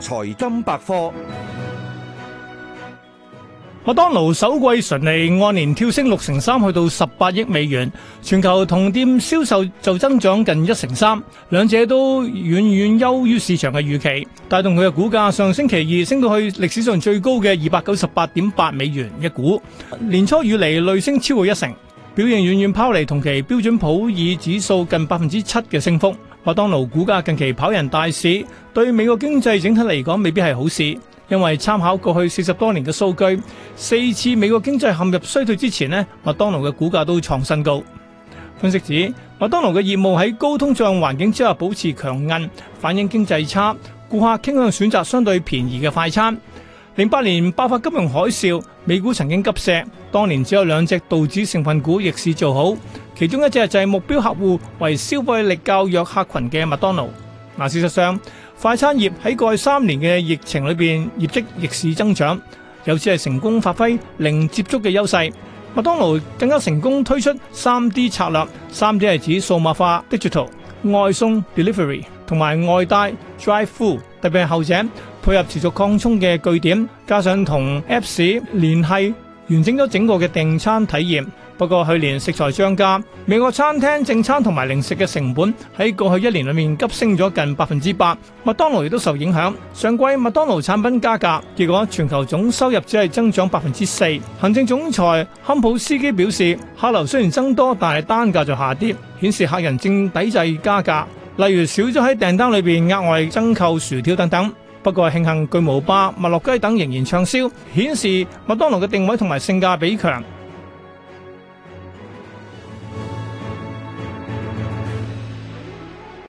財金百科，麥當勞首季純利按年跳升六成三，去到十八億美元，全球同店銷售就增長近一成三，兩者都遠遠優於市場嘅預期，帶動佢嘅股價上星期二升到去歷史上最高嘅二百九十八點八美元一股，年初以來累升超過一成。表現遠遠拋離同期標準普爾指數近百分之七嘅升幅。麥當勞股價近期跑贏大市，對美國經濟整體嚟講未必係好事，因為參考過去四十多年嘅數據，四次美國經濟陷入衰退之前呢，麥當勞嘅股價都創新高。分析指麥當勞嘅業務喺高通脹環境之下保持強韌，反映經濟差，顧客傾向選擇相對便宜嘅快餐。零八年爆發金融海嘯，美股曾經急瀉。當年只有兩隻道指成分股逆市做好，其中一隻就係目標客戶為消費力較弱客群嘅麥當勞。嗱，事實上，快餐業喺過去三年嘅疫情裏邊業績逆市增長，由此係成功發揮零接觸嘅優勢。麥當勞更加成功推出三 D 策略，三 D 係指數碼化 digital、外送 delivery 同埋外帶 drive-thru，特別係後者。配合持續擴充嘅據點，加上同 Apps 聯繫，完整咗整個嘅訂餐體驗。不過去年食材增加，美國餐廳正餐同埋零食嘅成本喺過去一年裏面急升咗近百分之八。麥當勞亦都受影響，上季麥當勞產品加價，結果全球總收入只係增長百分之四。行政總裁坎普斯基表示：客流雖然增多，但係單價就下跌，顯示客人正抵制加價，例如少咗喺訂單裏面額外增購薯條等等。不過慶幸巨無霸、麥樂雞等仍然暢銷，顯示麥當勞嘅定位同埋性價比強。